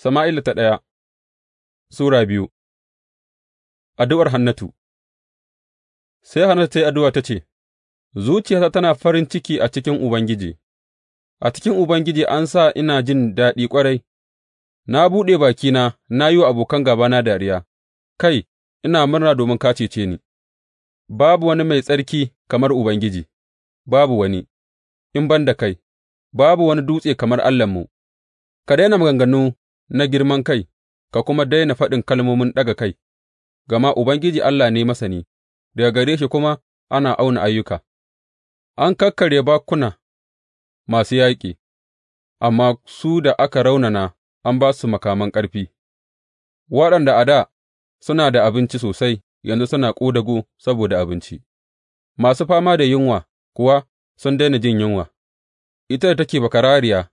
Sama'ila ta ɗaya Sura biyu Addu'ar Hannatu Sai Hannatu ta yi addu'a ta ce, Zuciyata tana farin ciki a cikin Ubangiji, a cikin Ubangiji an sa ina jin daɗi ƙwarai, na buɗe bakina na yi wa abokan gabana dariya, kai, ina murna domin ka cece ni, babu wani mai tsarki kamar Ubangiji, babu wani, in ban da kai, babu wani dutse kamar Allahnmu, ka daina maganganu na girman kai, ka kuma daina faɗin kalmomin ɗaga kai, gama Ubangiji Allah ne masani, daga gare shi kuma ana auna ayyuka. An kakkarya bakuna masu yaƙi, amma su da aka raunana an ba su makaman ƙarfi, waɗanda a da suna da abinci sosai yanzu suna ƙodago saboda abinci, masu fama da yunwa kuwa sun daina jin yunwa, ita da take bakarariya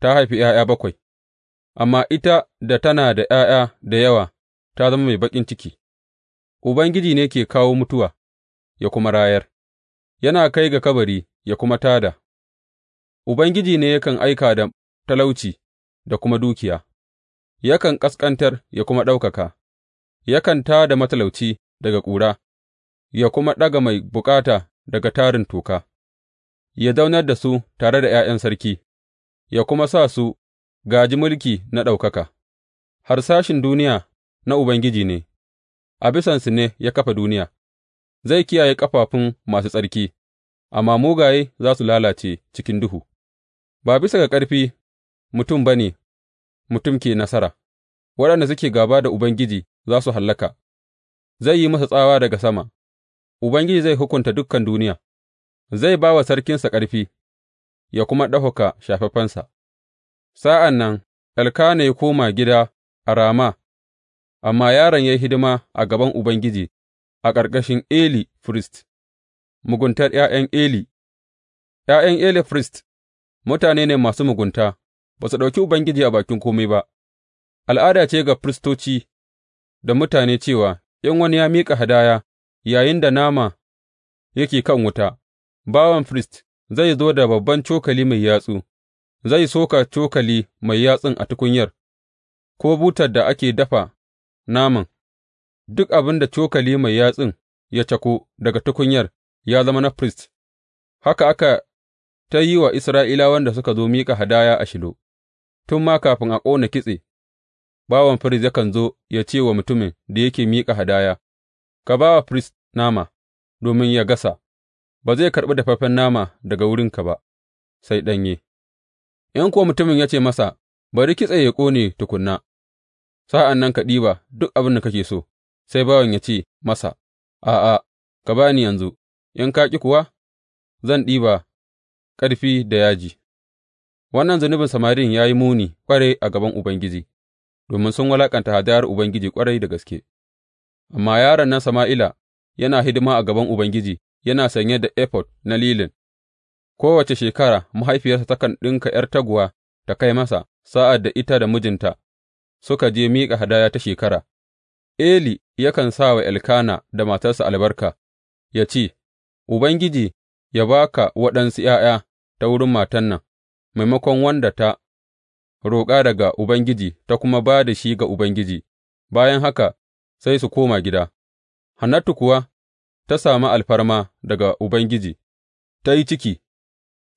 ta haifi ’ya'ya bakwai. amma ita da tana da ’ya'ya da yawa ta zama mai baƙin ciki, Ubangiji ne ke kawo mutuwa ya kuma rayar, yana kai ga kabari ya kuma tada. Ubangiji ne yakan aika da talauci da kuma dukiya, yakan ƙasƙantar ya kuma ɗaukaka, yakan tā da matalauci daga ƙura, ya kuma ɗaga mai bukata daga tarin toka, ya zaunar da su tare da ’ya'yan sarki, ya kuma sa su Gaji mulki na ɗaukaka, harsashin duniya na Ubangiji ne, a bisansu ne ya kafa duniya, zai kiyaye ƙafafun masu tsarki, amma mugaye za su lalace cikin duhu, ba bisa ga ƙarfi mutum ba ne mutum ke nasara, waɗanda suke gaba da Ubangiji za su hallaka, zai yi masa tsawa daga sama, Ubangiji zai hukunta dukan duniya, zai ba wa sarkinsa ƙarfi, ya kuma ɗaukaka shafaffensa. Sa'an nan Elkana ya koma gida a Rama, amma yaron ya yi hidima a gaban Ubangiji a ƙarƙashin Eli firist. Muguntar ’ya'yan Eli ’Ya'yan Eli firist mutane ne masu mugunta, ba su ɗauki Ubangiji a bakin kome ba, al'ada ce ga firistoci da mutane cewa in wani ya miƙa hadaya yayin da nama yake kan wuta, bawan firist zai zo da babban cokali mai yatsu. zai soka cokali mai yatsun a tukunyar, ko butar da ake dafa naman, duk abin da cokali mai yatsun ya cako daga tukunyar ya zama na firist, haka aka ta yi wa Isra'ilawan da suka zo miƙa hadaya a Shilo, tun ma kafin a ƙona kitse, bawan firist yakan zo ya ce wa mutumin da yake miƙa hadaya, Ka ba wa firist nama, domin ya gasa, ba zai karɓi dafaffen nama daga wurinka ba, sai ɗanye. in kuwa mutumin ya ce masa, Bari kitse ya ƙone tukunna. sa'an nan ka ɗiba duk abin da kake so, sai bawan ya ce masa, A'a, ka ba ni yanzu, in ka ƙi kuwa, zan ɗiba ƙarfi da yaji. Wannan zunubin samarin ya yi muni ƙwarai a gaban Ubangiji, domin sun walaƙanta hadayar Ubangiji ƙwarai da gaske. Amma yaron nan Sama'ila yana hidima a gaban Ubangiji yana sanye da efod na lilin Kowace shekara mahaifiyarsa takan ɗinka ’yar taguwa ta kai masa sa'ad da ita da mijinta suka je miƙa hadaya ta shekara, Eli yakan sa wa Elkana da matarsa albarka, ya ce, Ubangiji ya ba ka waɗansu ’ya'ya ta wurin matan nan, maimakon wanda ta roƙa daga Ubangiji ta kuma ba da shi ga Ubangiji, bayan haka sai su koma gida. Hannatu kuwa ta sami alfarma daga Ubangiji, ta yi ciki.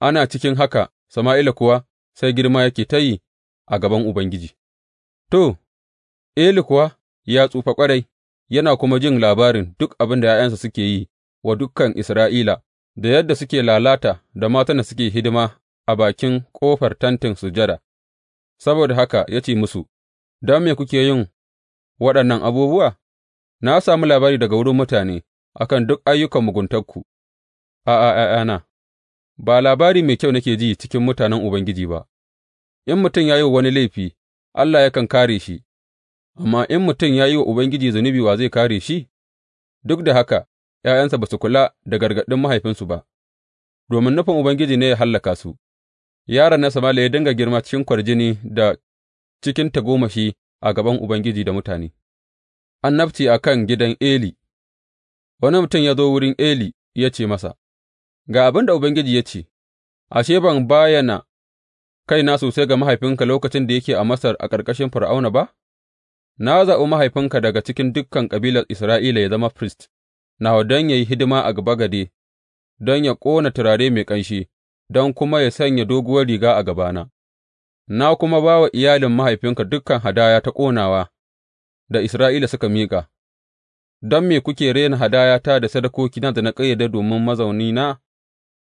Ana cikin haka Sama'ila kuwa sai girma yake ta yi a gaban Ubangiji, to, Eli kuwa ya tsufa ƙwarai, yana kuma jin labarin duk abin da ’ya'yansa suke yi wa dukan Isra'ila, da yadda suke lalata da matan da suke hidima a bakin ƙofar Tentin Sujada, saboda haka ya ce musu, Don me kuke yin waɗannan abubuwa? Na sami labari daga wurin mutane a kan duk ayyukan muguntarku, a'a, ’ya'yana. ba labari mai kyau nake ji cikin mutanen Ubangiji ba, in mutum ya yi wa wani laifi, Allah yakan kare shi, amma in mutum ya yi wa Ubangiji zunubi wa zai kare shi, duk da haka ’ya'yansa ba su kula da gargaɗin mahaifinsu ba, domin nufin Ubangiji ne ya hallaka su, yaron na Samala ya dinga girma cikin kwarjini da cikin tagomashi a gaban Ubangiji da mutane. Annabci a kan gidan Eli Wani mutum ya zo wurin Eli ya ce masa, Ga abin da Ubangiji ya ce, Ashe, ban bayana kaina sosai ga mahaifinka lokacin da yake a Masar a ƙarƙashin Fir'auna ba? Na zaɓi mahaifinka daga cikin dukan kabilar Isra'ila ya zama firist nawa don ya yi hidima a bagade, don ya ƙona turare mai ƙanshi, don kuma ya sanya doguwar riga a gabana, na kuma ba wa iyalin mahaifinka dukkan hadaya ta ƙonawa da Isra'ila suka miƙa, don me kuke rena hadayata da sadakokina da na ƙayyade domin mazaunina?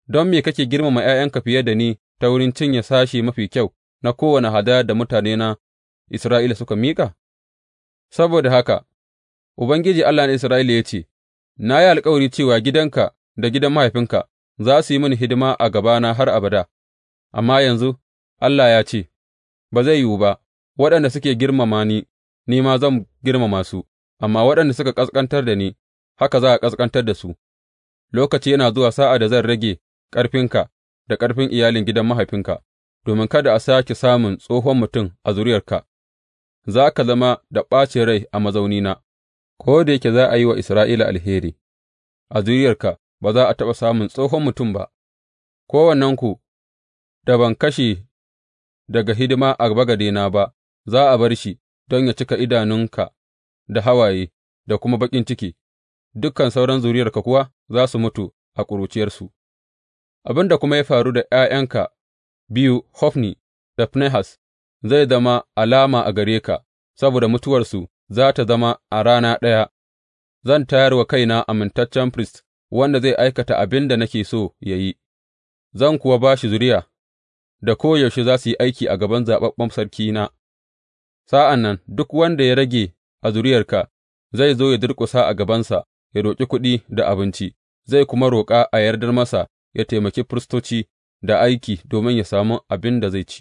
Don me kake girmama ’ya'yanka fiye da ni ta wurin cinye sashe mafi kyau na kowane hadayar da mutanena Isra'ila suka miƙa? Saboda haka Ubangiji Allah na Isra'ila ya ce, Na yi alkawari cewa gidanka da gidan mahaifinka za su yi mini hidima a gabana har abada, amma yanzu Allah ya ce, Ba zai yiwu ba, waɗanda suke girmama ni, ni ma zan girmama su, amma waɗanda suka ƙasƙantar da ni, haka za a ƙasƙantar da su, lokaci yana zuwa sa'a da zan rage ƙarfinka da ƙarfin iyalin gidan mahaifinka, domin kada a sake samun tsohon mutum a zuriyarka, za ka zama da ɓacin rai a mazaunina, ko da yake za a yi wa Isra'ila alheri, a zuriyarka ba za a taɓa samun tsohon mutum ba, kowannenku da ban kashe daga hidima a bagadena ba, za a bar shi don ya cika idanunka da hawaye da kuma baƙin ciki, dukan sauran zuriyarka kuwa za su mutu a ƙuruciyarsu. Abin da kuma ya faru da ’ya'yanka biyu Hofni da Finehas zai zama alama a gare ka, saboda mutuwarsu za tă zama a rana ɗaya, zan tayar wa kaina amintaccen firist wanda zai aikata abin da nake so ya yi, zan kuwa ba shi zuriya da koyaushe za su yi aiki a gaban zaɓaɓɓen sarkina, sa'an nan duk wanda ya rage a zuriyarka zai zo ya durƙusa a gabansa ya roƙi kuɗi da abinci, zai kuma roƙa a yardar masa yă taimaki firistoci da aiki domin yă sami abin da zai ci.